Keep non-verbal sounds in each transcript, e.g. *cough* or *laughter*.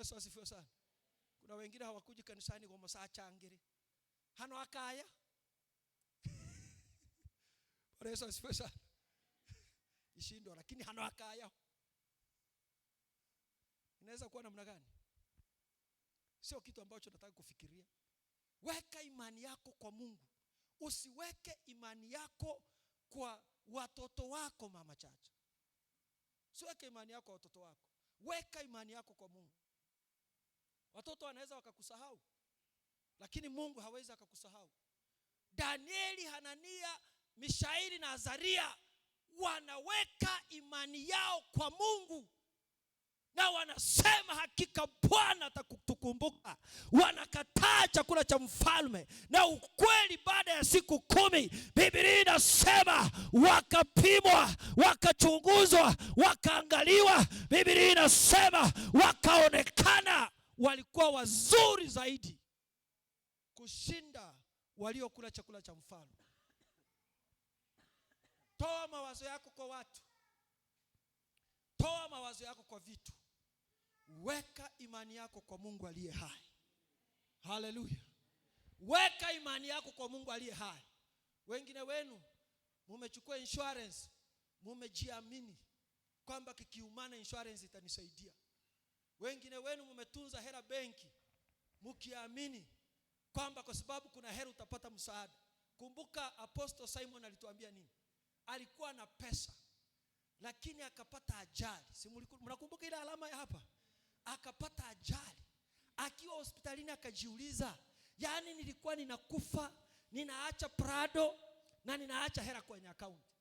Yesu asifiwe sana. Kuna wengine hawakuji kanisani kwa masaa changiri hano akaya. *laughs* Bwana Yesu asifiwe sana. *laughs* Ishindwa lakini hano akaya inaweza kuwa namna gani? Sio kitu ambacho nataka kufikiria. Weka imani yako kwa Mungu, usiweke imani yako kwa watoto wako, mama chacha. Usiweke imani yako kwa watoto wako, weka imani yako kwa Mungu. Watoto wanaweza wakakusahau, lakini Mungu hawezi akakusahau. Danieli, Hanania, Mishairi na Azaria wanaweka imani yao kwa Mungu na wanasema hakika Bwana atakutukumbuka. Wanakataa chakula cha mfalme na ukweli. Baada ya siku kumi, Biblia inasema wakapimwa, wakachunguzwa, wakaangaliwa. Biblia inasema wakaonekana walikuwa wazuri zaidi kushinda waliokula chakula cha mfalme. Toa mawazo yako kwa watu, toa mawazo yako kwa vitu, weka imani yako kwa Mungu aliye hai. Haleluya, weka imani yako kwa Mungu aliye hai. Wengine wenu mumechukua insurance, mumejiamini kwamba kikiumana insurance itanisaidia. Wengine wenu mmetunza hela benki mkiamini kwamba kwa sababu kuna hela utapata msaada. Kumbuka Apostle Simon alituambia nini? Alikuwa na pesa lakini akapata ajali. Si mnakumbuka ile alama ya hapa? Akapata ajali akiwa hospitalini, akajiuliza, yaani nilikuwa ninakufa, ninaacha Prado na ninaacha hela kwenye akaunti.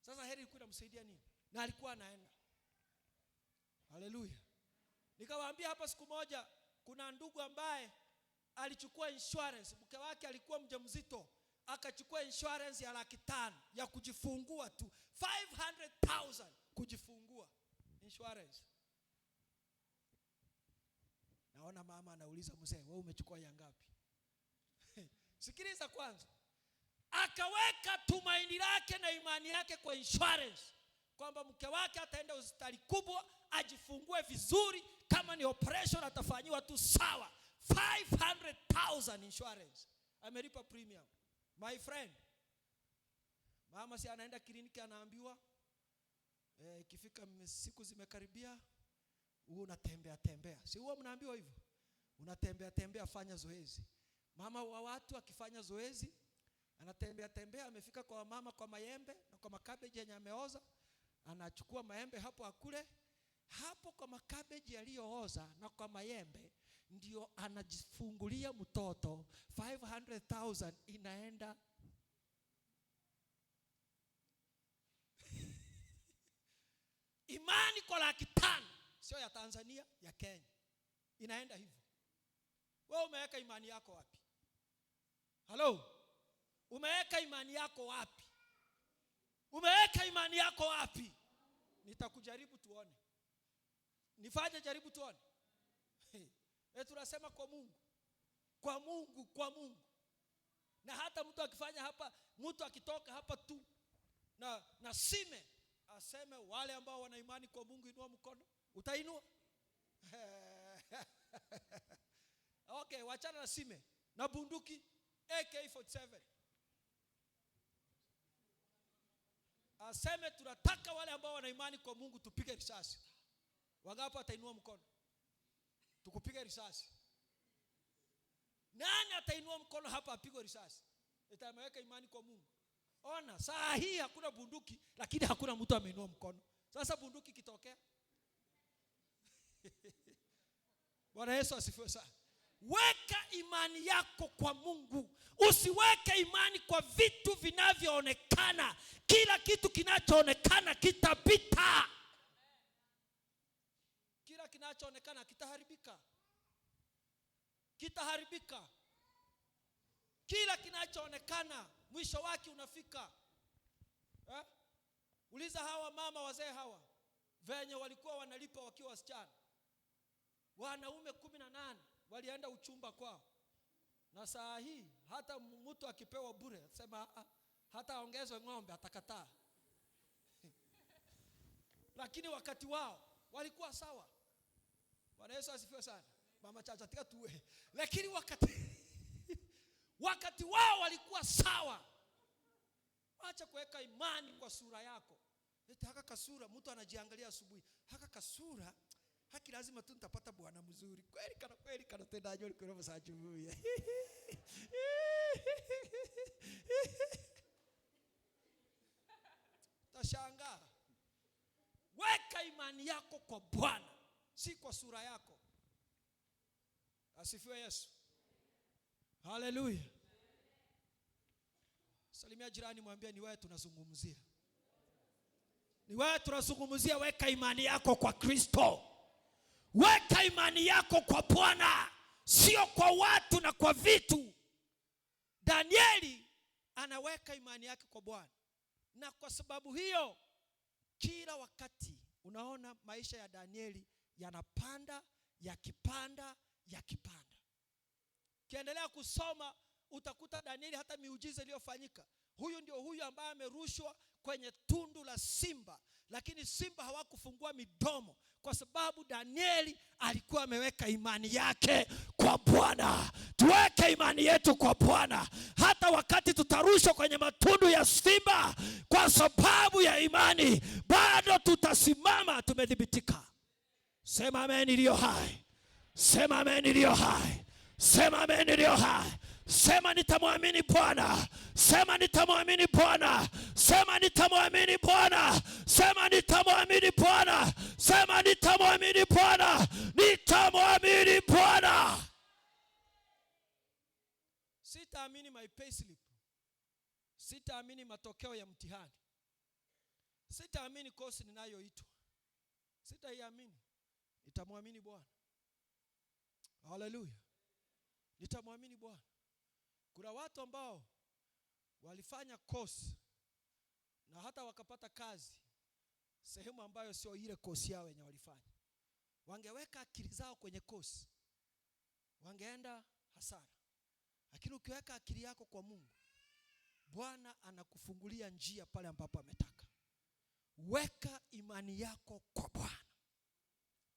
Sasa hela ilikuwa inamsaidia nini? Na alikuwa anaenda. Haleluya. Nikawaambia hapa siku moja, kuna ndugu ambaye alichukua insurance, mke wake alikuwa mjamzito, akachukua insurance ya laki tano ya kujifungua tu, 500,000 kujifungua insurance. Naona mama anauliza mzee, wewe umechukua ya ngapi? *laughs* Sikiliza kwanza, akaweka tumaini lake na imani yake kwa insurance kwamba mke wake ataenda hospitali kubwa ajifungue vizuri, kama ni operation atafanyiwa tu sawa. 500,000 insurance amelipa premium. My friend, mama si anaenda kliniki anaambiwa eh, ikifika e, siku zimekaribia, huo unatembea tembea, si huo mnaambiwa hivyo, unatembea tembea, fanya zoezi. Mama wa watu akifanya zoezi anatembea tembea, amefika kwa mama kwa maembe na kwa makabeji yenye ameoza, anachukua maembe hapo akule hapo kwa makabeji yaliyooza na kwa mayembe ndio anajifungulia mtoto 500,000 inaenda *laughs* imani kwa laki tano, sio ya Tanzania, ya Kenya inaenda hivyo. Wewe umeweka imani yako wapi? Halo, umeweka imani yako wapi? Umeweka imani yako wapi? Nitakujaribu tuone. Nifanye jaribu tuone. E, tunasema kwa Mungu, kwa Mungu, kwa Mungu. Na hata mtu akifanya hapa, mtu akitoka hapa tu na, na sime aseme wale ambao wana imani kwa Mungu, inua mkono, utainua *laughs* okay, wachana na sime na bunduki AK47 aseme tunataka wale ambao wana imani kwa Mungu tupige risasi. Wangapi atainua mkono tukupiga risasi? Nani atainua mkono hapa apigwe risasi? Itameweka imani kwa Mungu. Ona saa hii hakuna bunduki, lakini hakuna mtu ameinua mkono. Sasa bunduki ikitokea *laughs* Bwana Yesu asifiwe sana. Weka imani yako kwa Mungu, usiweke imani kwa vitu vinavyoonekana. Kila kitu kinachoonekana kitapita kinachoonekana kitaharibika, kitaharibika. Kila kinachoonekana mwisho wake unafika eh? Uliza hawa mama wazee hawa venye walikuwa wanalipa wakiwa wasichana. Wanaume kumi na nane walienda uchumba kwao, na saa hii hata mtu akipewa bure sema ah, ah, hata aongezwe ng'ombe atakataa. *laughs* Lakini wakati wao walikuwa sawa. Bwana Yesu asifiwe sana. Mama Chacha tika tuwe. Lakini wakati *laughs* wakati wao walikuwa sawa. Acha kuweka imani kwa sura yako. Eti haka kasura mtu anajiangalia asubuhi. Haka kasura haki lazima tu nitapata bwana mzuri. Kweli kana kweli kana kwa ulikwenda saa jumuiya. Tashangaa. Weka imani yako kwa Bwana si kwa sura yako. Asifiwe Yesu, haleluya. Salimia jirani, mwambie ni wewe tunazungumzia, ni wewe tunazungumzia. Weka imani yako kwa Kristo, weka imani yako kwa Bwana, sio kwa watu na kwa vitu. Danieli anaweka imani yake kwa Bwana, na kwa sababu hiyo kila wakati unaona maisha ya Danieli yanapanda yakipanda yakipanda. Ukiendelea kusoma utakuta Danieli hata miujiza iliyofanyika. Huyu ndio huyu ambaye amerushwa kwenye tundu la simba, lakini simba hawakufungua midomo kwa sababu Danieli alikuwa ameweka imani yake kwa Bwana. Tuweke imani yetu kwa Bwana hata wakati tutarushwa kwenye matundu ya simba, kwa sababu ya imani bado tutasimama, tumedhibitika. Sema amen iliyo hai. Sema amen iliyo hai. Sema amen iliyo hai. Sema nitamwamini Bwana. Sema nitamwamini Bwana. Sema nitamwamini Bwana. Sema nitamwamini Bwana. Sema nitamwamini Bwana. Nitamwamini Bwana. Sitaamini my payslip. Sitaamini matokeo ya mtihani. Sitaamini kosi ninayoitwa. Sitaiamini. Nitamwamini Bwana. Haleluya, nitamwamini Bwana. Kuna watu ambao walifanya kosi na hata wakapata kazi sehemu ambayo sio ile kosi yao yenye walifanya. Wangeweka akili zao kwenye kosi, wangeenda hasara, lakini ukiweka akili yako kwa Mungu, Bwana anakufungulia njia pale ambapo ametaka. Weka imani yako kwa Bwana.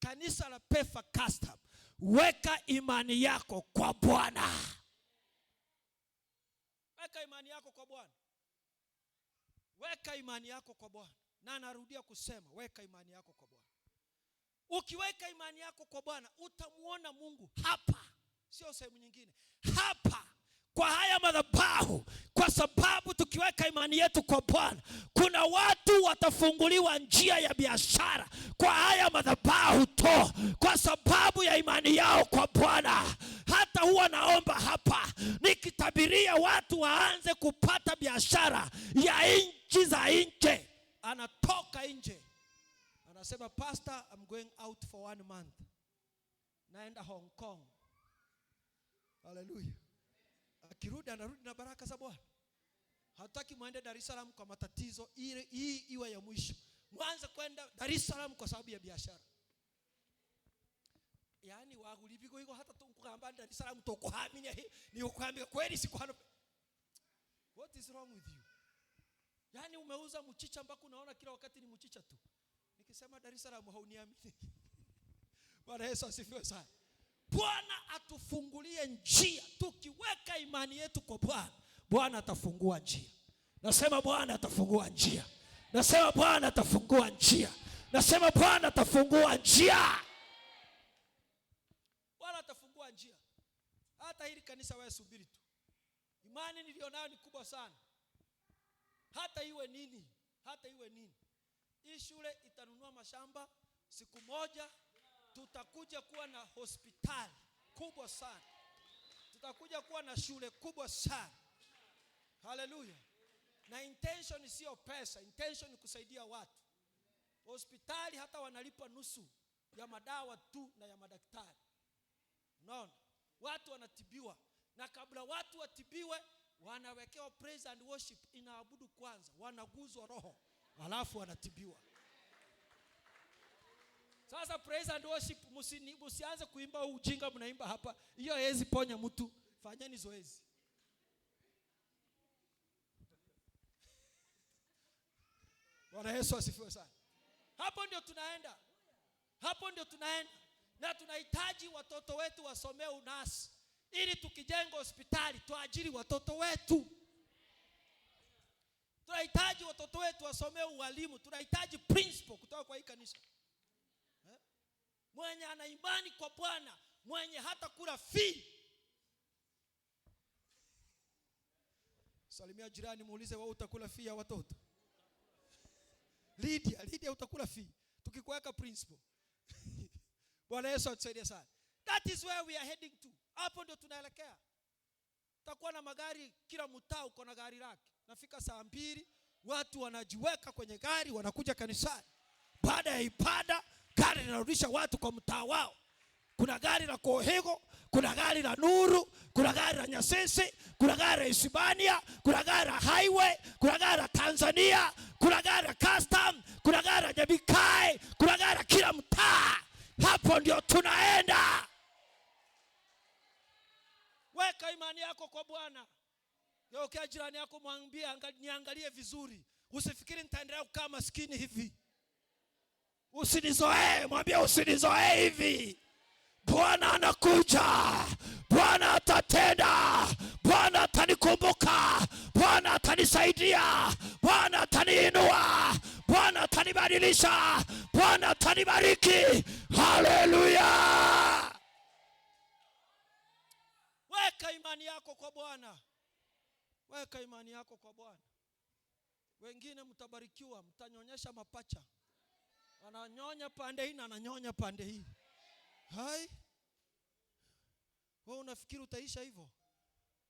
Kanisa la Pefa Custom, weka imani yako kwa Bwana, weka imani yako kwa Bwana, weka imani yako kwa Bwana. Na narudia kusema weka imani yako kwa Bwana. Ukiweka imani yako kwa Bwana utamwona Mungu hapa, sio sehemu nyingine, hapa kwa haya madhabahu, kwa sababu tukiweka imani yetu kwa Bwana, kuna watu watafunguliwa njia ya biashara kwa haya madhabahu to, kwa sababu ya imani yao kwa Bwana. Hata huwa naomba hapa nikitabiria watu waanze kupata biashara ya nchi za nje. Anatoka nje anasema, Pastor, I'm going out for one month, naenda Hong Kong. Hallelujah kirudi anarudi na baraka za Bwana. Hataki muende Dar es Salaam kwa matatizo, ile hii iwe ya mwisho. Mwanze kwenda Dar es Salaam kwa sababu ya biashara. Yaani waguliviko hiko hata tukugamba Dar es Salaam hii ni ukwambia kweli siku hano. What is wrong with you? Yaani umeuza mchicha mpaka unaona kila wakati ni mchicha tu. Nikisema Dar es Salaam hauniamini. *laughs* Bwana Yesu asifiwe sana. Bwana atufungulie njia. Tukiweka imani yetu kwa Bwana, Bwana atafungua njia. Nasema Bwana atafungua njia. Nasema Bwana atafungua njia. Nasema Bwana atafungua njia. Bwana atafungua njia. Hata hili kanisa wewe subiri tu. Imani nilionayo ni kubwa sana. Hata iwe nini, hata iwe nini. Hii shule itanunua mashamba siku moja tutakuja kuwa na hospitali kubwa sana, tutakuja kuwa na shule kubwa sana. Haleluya! Na intention siyo pesa, intention ni kusaidia watu. Hospitali hata wanalipa nusu ya madawa tu na ya madaktari. Unaona, watu wanatibiwa, na kabla watu watibiwe wanawekewa praise and worship, inaabudu kwanza, wanaguzwa roho, alafu wanatibiwa. Sasa praise and worship, msianze kuimba ujinga mnaimba hapa, hiyo haiwezi ponya mtu. Fanyeni zoezi. Bwana Yesu asifiwe sana. Hapo ndio tunaenda, hapo ndio tunaenda, na tunahitaji watoto wetu wasomee unasi, ili tukijenga hospitali tuajiri watoto wetu. Tunahitaji watoto wetu wasomee ualimu, tunahitaji principal kutoka kwa hii kanisa mwenye ana imani kwa Bwana, mwenye hata kula fi. Salimia jirani, muulize wewe, utakula fi ya watoto? lidia lidia utakula fi tukikuweka principle. *laughs* Bwana Yesu atusaidie sana. That is where we are heading to. Hapo ndio tunaelekea. utakuwa na magari, kila mtaa uko na gari lake. Nafika saa mbili, watu wanajiweka kwenye gari, wanakuja kanisani baada ya ibada gari linarudisha watu kwa mtaa wao. Kuna gari la Kohego, kuna gari la Nuru, kuna gari la Nyasese, kuna gari la Hispania, kuna gari la Highway, kuna gari la Tanzania, kuna gari la Custom, kuna gari la Jabikae, kuna gari la kila mtaa. Hapo ndio tunaenda. Weka imani yako kwa Bwana. Geukia jirani yako, mwambie niangalie vizuri, usifikiri nitaendelea kukaa maskini hivi. Usinizoee, mwambie usinizoee hivi. Bwana anakuja, Bwana atatenda, Bwana atanikumbuka, Bwana atanisaidia, Bwana ataniinua, Bwana atanibadilisha, Bwana atanibariki. Haleluya! Weka imani yako kwa Bwana, weka imani yako kwa Bwana. Wengine mtabarikiwa, mtanyonyesha mapacha ananyonya pande hii na ananyonya pande hii. Hai wewe, unafikiri utaisha hivyo?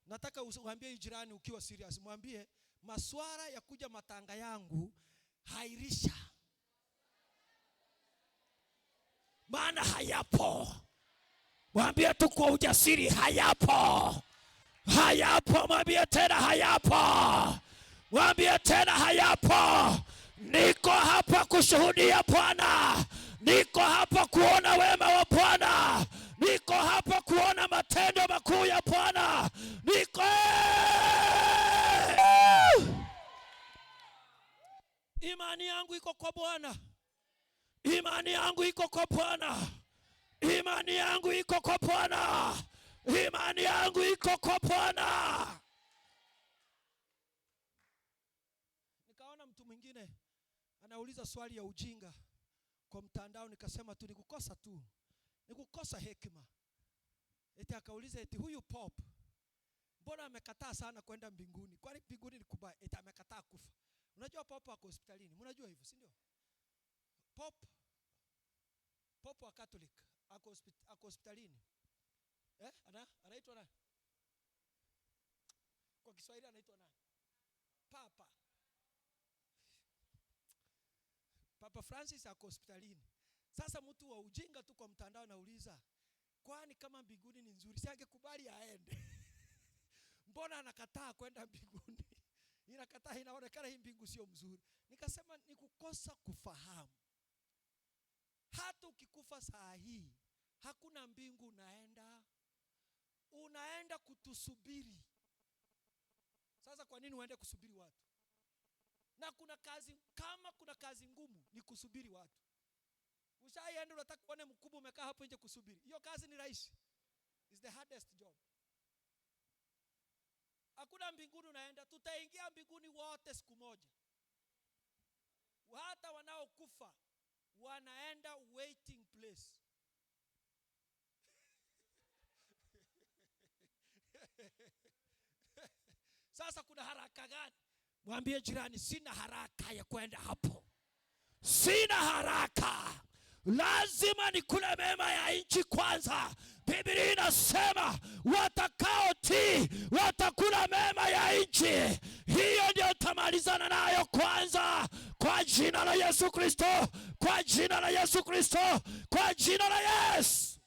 Nataka uambie jirani, ukiwa serious, mwambie maswara ya kuja matanga yangu hairisha, maana hayapo. Mwambie tu kwa ujasiri, hayapo, hayapo. Mwambie tena, hayapo. Mwambie tena, hayapo. Niko hapa kushuhudia Bwana, niko hapa kuona wema wa Bwana, niko hapa kuona matendo makuu ya Bwana, niko imani yangu iko kwa Bwana, imani yangu iko kwa Bwana, imani yangu iko kwa Bwana, imani yangu iko kwa Bwana. Nikaona mtu mwingine anauliza swali ya ujinga kwa mtandao, nikasema tu nikukosa tu, nikukosa hekima. Eti akauliza eti huyu Pop mbona amekataa sana kwenda mbinguni? Kwani mbinguni ni kubaya? Eti amekataa kufa. Unajua Pop ako hospitalini, mnajua hivyo, si ndio? Pop Pop wa Catholic ako hospitalini eh, ana anaitwa nani kwa Kiswahili anaitwa nani? Papa Papa Francis ako hospitalini. Sasa mtu wa ujinga tu kwa mtandao nauliza, kwani kama mbinguni ni nzuri, si angekubali aende? *laughs* Mbona anakataa kwenda mbinguni? *laughs* Inakataa, inaonekana hii mbingu sio mzuri. Nikasema ni kukosa kufahamu. Hata ukikufa saa hii hakuna mbingu unaenda, unaenda kutusubiri. Sasa kwa nini uende kusubiri watu? na kuna kazi, kama kuna kazi ngumu ni kusubiri watu. Ushaienda unataka uone mkubwa umekaa hapo nje kusubiri, hiyo kazi ni rahisi, is the hardest job. Hakuna mbinguni unaenda, tutaingia mbinguni wote siku moja. Hata wanaokufa wanaenda waiting place *laughs* Sasa kuna haraka gani? Mwambie jirani, sina haraka ya kwenda hapo, sina haraka, lazima nikule mema ya nchi kwanza. Biblia inasema watakaotii watakula mema ya nchi hiyo, ndio tamalizana nayo kwanza, kwa jina la Yesu Kristo, kwa jina la Yesu Kristo, kwa jina la Yesu.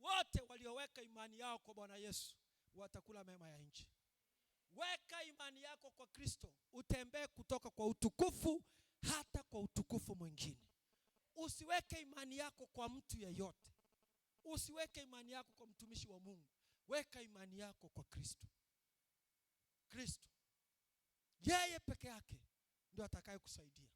Wote walioweka imani yao kwa Bwana Yesu watakula mema ya nchi. Weka imani yako kwa Kristo, utembee kutoka kwa utukufu hata kwa utukufu mwingine. Usiweke imani yako kwa mtu yeyote, usiweke imani yako kwa mtumishi wa Mungu. Weka imani yako kwa Kristo. Kristo yeye peke yake ndio atakayekusaidia,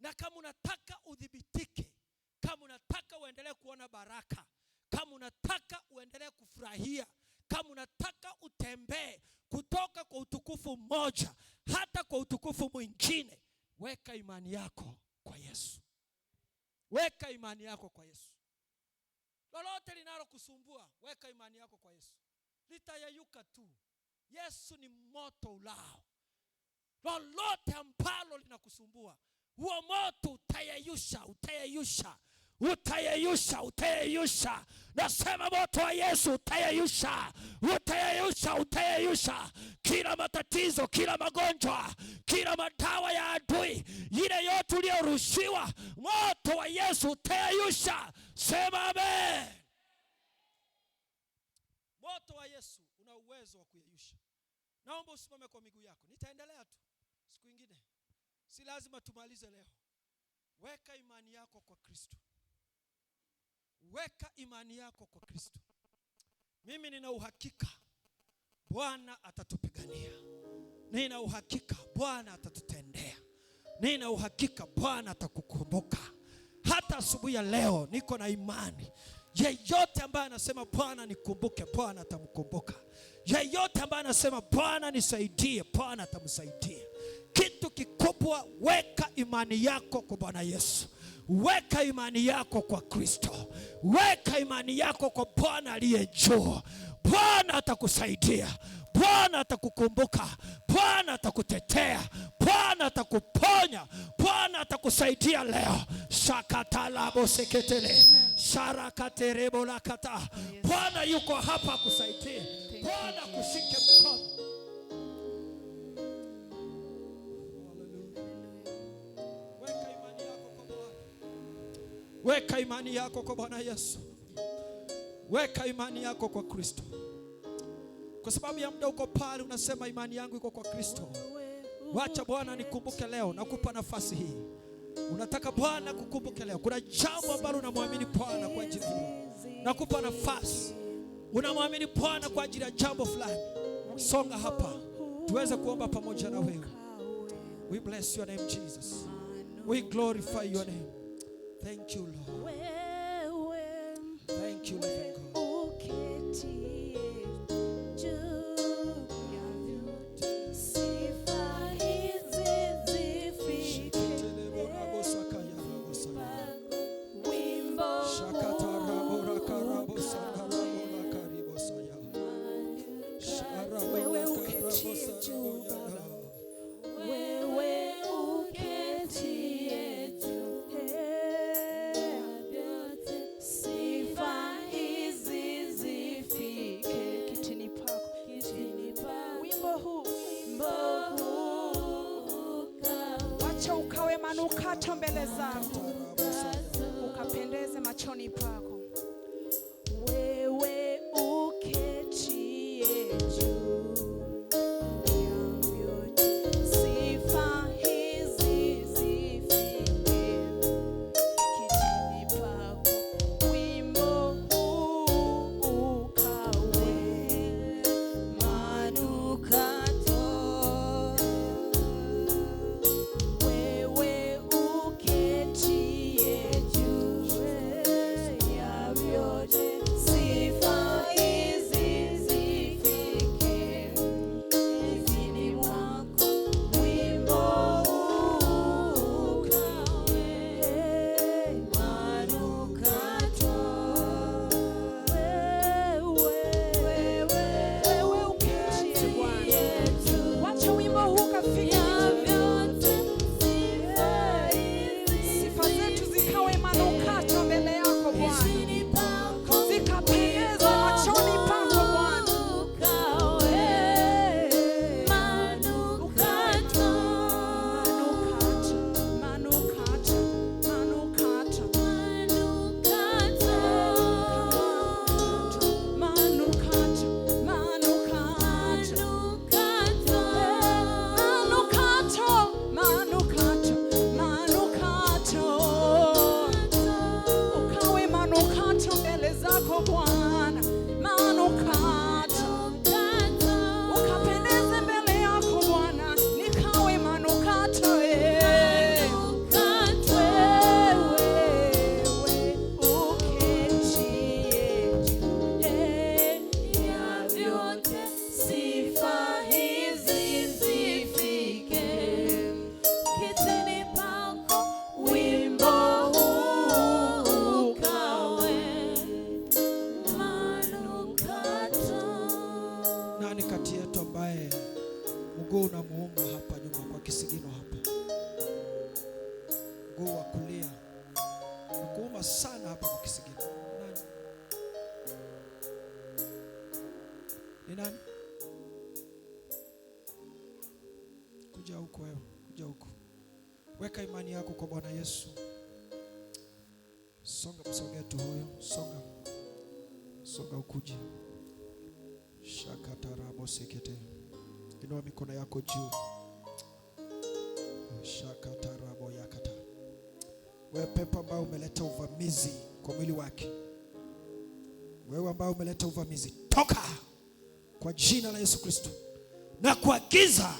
na kama unataka udhibitike, kama unataka uendelee kuona baraka, kama unataka uendelee kufurahia kama unataka utembee kutoka kwa utukufu mmoja hata kwa utukufu mwingine, weka imani yako kwa Yesu, weka imani yako kwa Yesu. Lolote linalokusumbua weka imani yako kwa Yesu, litayeyuka tu. Yesu ni moto ulao. Lolote ambalo linakusumbua, huo moto utayeyusha, utayeyusha utayeyusha, utayeyusha. Nasema moto wa Yesu utayeyusha, utayeyusha, utayeyusha kila matatizo, kila magonjwa, kila madawa ya adui, ile yote uliyorushiwa, moto wa Yesu utayeyusha. Sema amen. Moto wa Yesu una uwezo wa kuyeyusha. Naomba usimame kwa miguu yako, nitaendelea tu siku ingine, si lazima tumalize leo. Weka imani yako kwa Kristo weka imani yako kwa Kristo. Mimi nina uhakika Bwana atatupigania, nina uhakika Bwana atatutendea, nina uhakika Bwana atakukumbuka. Hata asubuhi ya leo niko na imani, yeyote ambaye anasema Bwana nikumbuke, Bwana atamkumbuka. Yeyote ambaye anasema Bwana nisaidie, Bwana atamsaidia. Kitu kikubwa, weka imani yako kwa Bwana Yesu. Weka imani yako kwa Kristo, weka imani yako kwa Bwana aliye juu. Bwana atakusaidia, Bwana atakukumbuka, Bwana atakutetea, Bwana atakuponya, Bwana atakusaidia leo. shakatalabo seketele sarakaterebo lakata. Bwana yuko hapa kusaidia, Bwana kushike mkono. Weka imani yako kwa Bwana Yesu, weka imani yako kwa Kristo, kwa sababu ya muda uko pale, unasema imani yangu iko kwa Kristo. Wacha Bwana nikumbuke leo, nakupa nafasi hii. Unataka Bwana kukumbuke leo, kuna jambo ambalo unamwamini Bwana kwa ajili hiyo, nakupa nafasi. Unamwamini Bwana kwa ajili ya jambo fulani, songa hapa tuweze kuomba pamoja na wewe. We bless your name Jesus, we glorify your name. Thank you, Lord. macho mbele zangu, ukapendeze machoni pako. Nani kati yetu ambaye mguu unamuuma hapa nyuma kwa kisigino hapa, mguu wa kulia nakuuma sana hapa kwa kisigino? Nani? Ni nani? Kuja huko wewe, kuja huko, weka imani yako kwa Bwana Yesu. Songa, msogee tu huyo, songa, songa ukuje shakatarabo sekete. Inua mikono yako juu, shakatarabo yakata. Wewe pepo ambaye umeleta uvamizi kwa mwili wake, wewe ambaye umeleta uvamizi, toka kwa jina la Yesu Kristo na kuagiza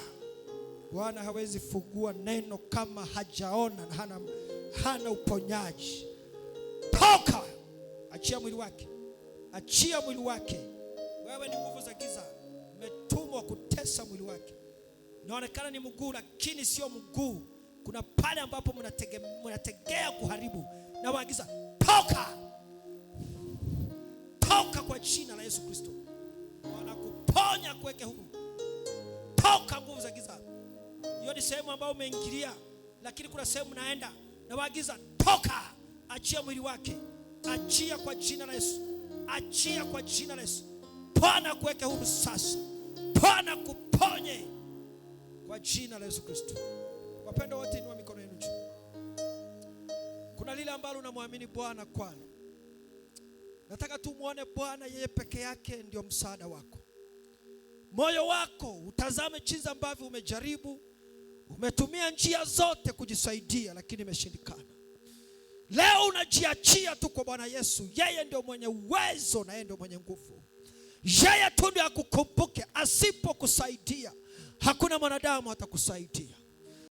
Bwana hawezi fungua neno kama hajaona na hana, hana uponyaji. Toka, achia mwili wake, achia mwili wake. Wewe ni nguvu za giza, umetumwa kutesa mwili wake. Inaonekana ni mguu, lakini sio mguu. Kuna pale ambapo mnategea kuharibu, na waagiza toka, toka kwa jina la Yesu Kristo. Wanakuponya kuweke huru, toka nguvu za giza. Hiyo ni sehemu ambayo umeingilia, lakini kuna sehemu naenda, na waagiza toka, achia mwili wake, achia kwa jina la Yesu, achia kwa jina la Yesu. Bwana kuweke huru sasa, Bwana kuponye kwa jina la Yesu Kristo. Wapendo wote, inua mikono yenu juu. Kuna lile ambalo unamwamini Bwana kwalo, nataka tu muone Bwana, yeye peke yake ndio msaada wako. Moyo wako utazame jinsi ambavyo umejaribu, umetumia njia zote kujisaidia, lakini imeshindikana. Leo unajiachia tu kwa Bwana Yesu, yeye ndio mwenye uwezo na yeye ndio mwenye nguvu yeye tu ndiye akukumbuke. Asipokusaidia hakuna mwanadamu atakusaidia.